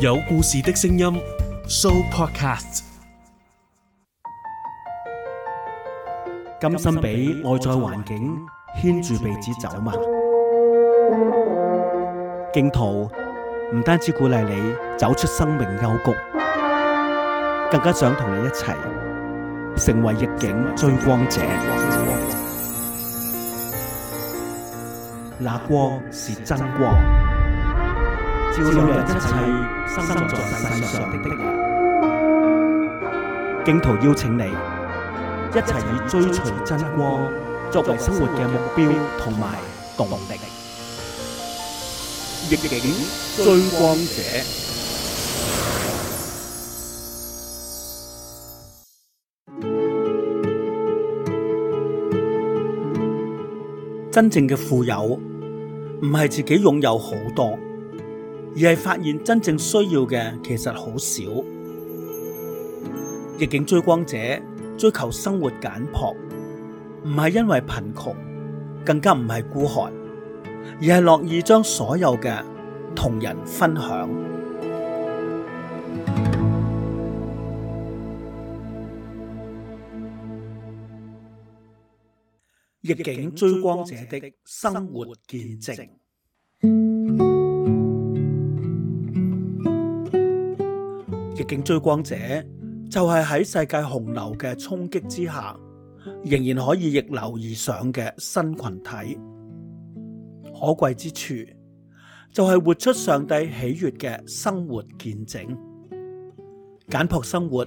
有故事的聲音，Sooopodcast。甘心俾外在環境牽住鼻子走嘛？荊徒唔單止鼓勵你走出生命幽谷，更加想同你一齊成為逆境追光者。那光是真光。照亮一切生在世上的的人，荊徒邀請你一齊以追隨真光作為生活嘅目標同埋動力，逆境追光者。真正嘅富有，唔係自己擁有好多。而係發現真正需要嘅其實好少。逆境追光者追求生活簡樸，唔係因為貧窮，更加唔係孤寒，而係樂意將所有嘅同人分享。逆境追光者的生活見證。競追光者就係喺世界洪流嘅衝擊之下，仍然可以逆流而上嘅新群體，可貴之處就係活出上帝喜悅嘅生活見證。簡樸生活，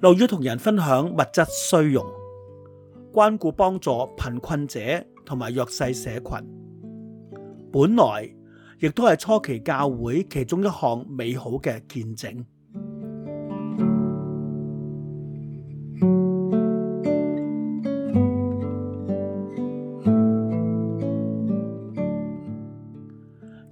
樂於同人分享物質需用，關顧幫助貧困者同埋弱勢社群，本來亦都係初期教會其中一項美好嘅見證。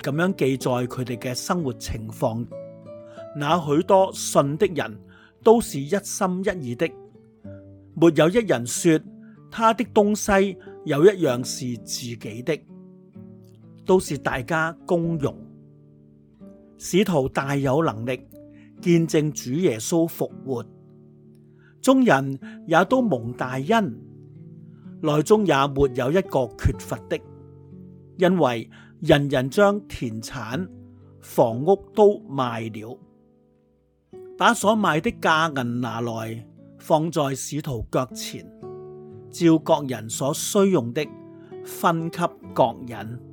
咁樣記載佢哋嘅生活情況，那許多信的人都是一心一意的，沒有一人說他的東西有一樣是自己的，都是大家公用。使徒大有能力見證主耶穌復活，眾人也都蒙大恩，內中也沒有一個缺乏的，因為，人人將田產、房屋都賣了，把所賣的價銀拿來放在使徒腳前，照各人所需用的分給各人。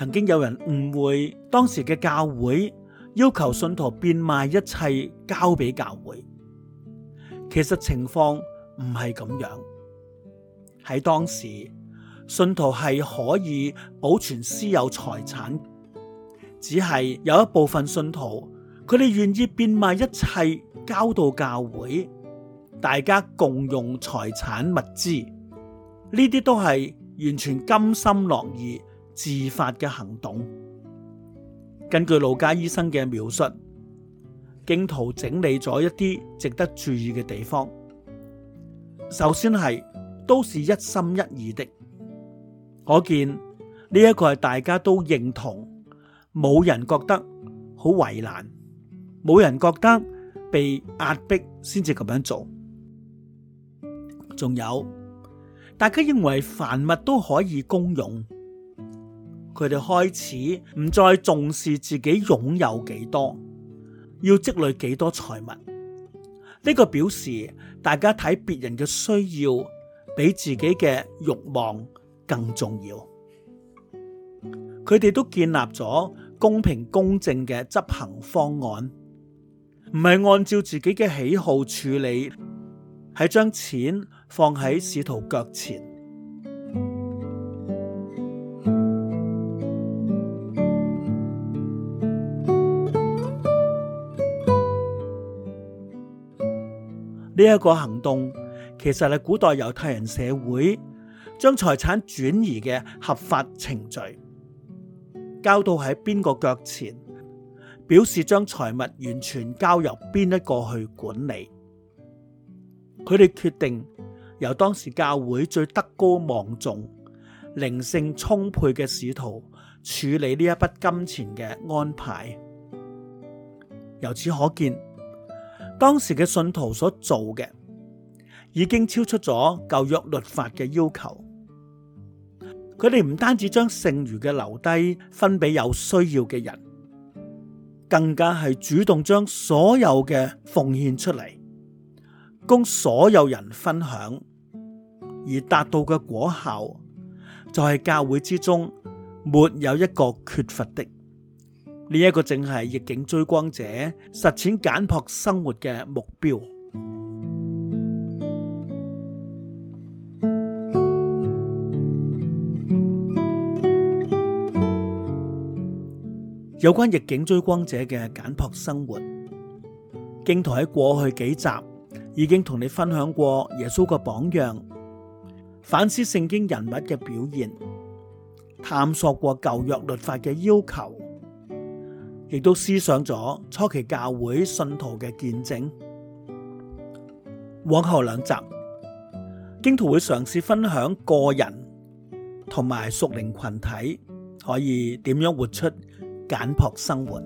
曾經有人誤會當時嘅教會要求信徒變賣一切交俾教會，其實情況唔係咁樣。喺當時，信徒係可以保存私有財產，只係有一部分信徒，佢哋願意變賣一切交到教會，大家共用財產物資，呢啲都係完全甘心樂意。自發嘅行動，根據路加醫生嘅描述，荊徒整理咗一啲值得注意嘅地方。首先係都是一心一意的，可見呢一個係大家都認同，冇人覺得好為難，冇人覺得被壓迫先至咁樣做。仲有，大家認為凡物都可以公用。佢哋開始唔再重視自己擁有幾多，要積累幾多財物。呢個表示大家睇別人嘅需要比自己嘅欲望更重要。佢哋都建立咗公平公正嘅執行方案，唔係按照自己嘅喜好處理，係將錢放喺使徒腳前。呢一個行動其實係古代猶太人社會，將財產轉移嘅合法程序，交到喺邊個腳前，表示將財物完全交由邊一個去管理。佢哋決定由當時教會最德高望重、靈性充沛嘅使徒處理呢一筆金錢嘅安排。由此可見，當時嘅信徒所做嘅，已經超出咗舊約律法嘅要求。佢哋唔單止將剩餘嘅留低分俾有需要嘅人，更加係主動將所有嘅奉獻出嚟，供所有人分享。而達到嘅果效，就係教會之中沒有一個缺乏的。呢一個正係逆境追光者實踐簡朴生活嘅目標。有關逆境追光者嘅簡朴生活，荊徒喺過去幾集已經同你分享過耶穌嘅榜樣，反思聖經人物嘅表現，探索過舊約律法嘅要求。亦都思想咗初期教會信徒嘅見證。往後兩集，荊徒會嘗試分享個人同埋屬靈群體可以點樣活出簡樸生活。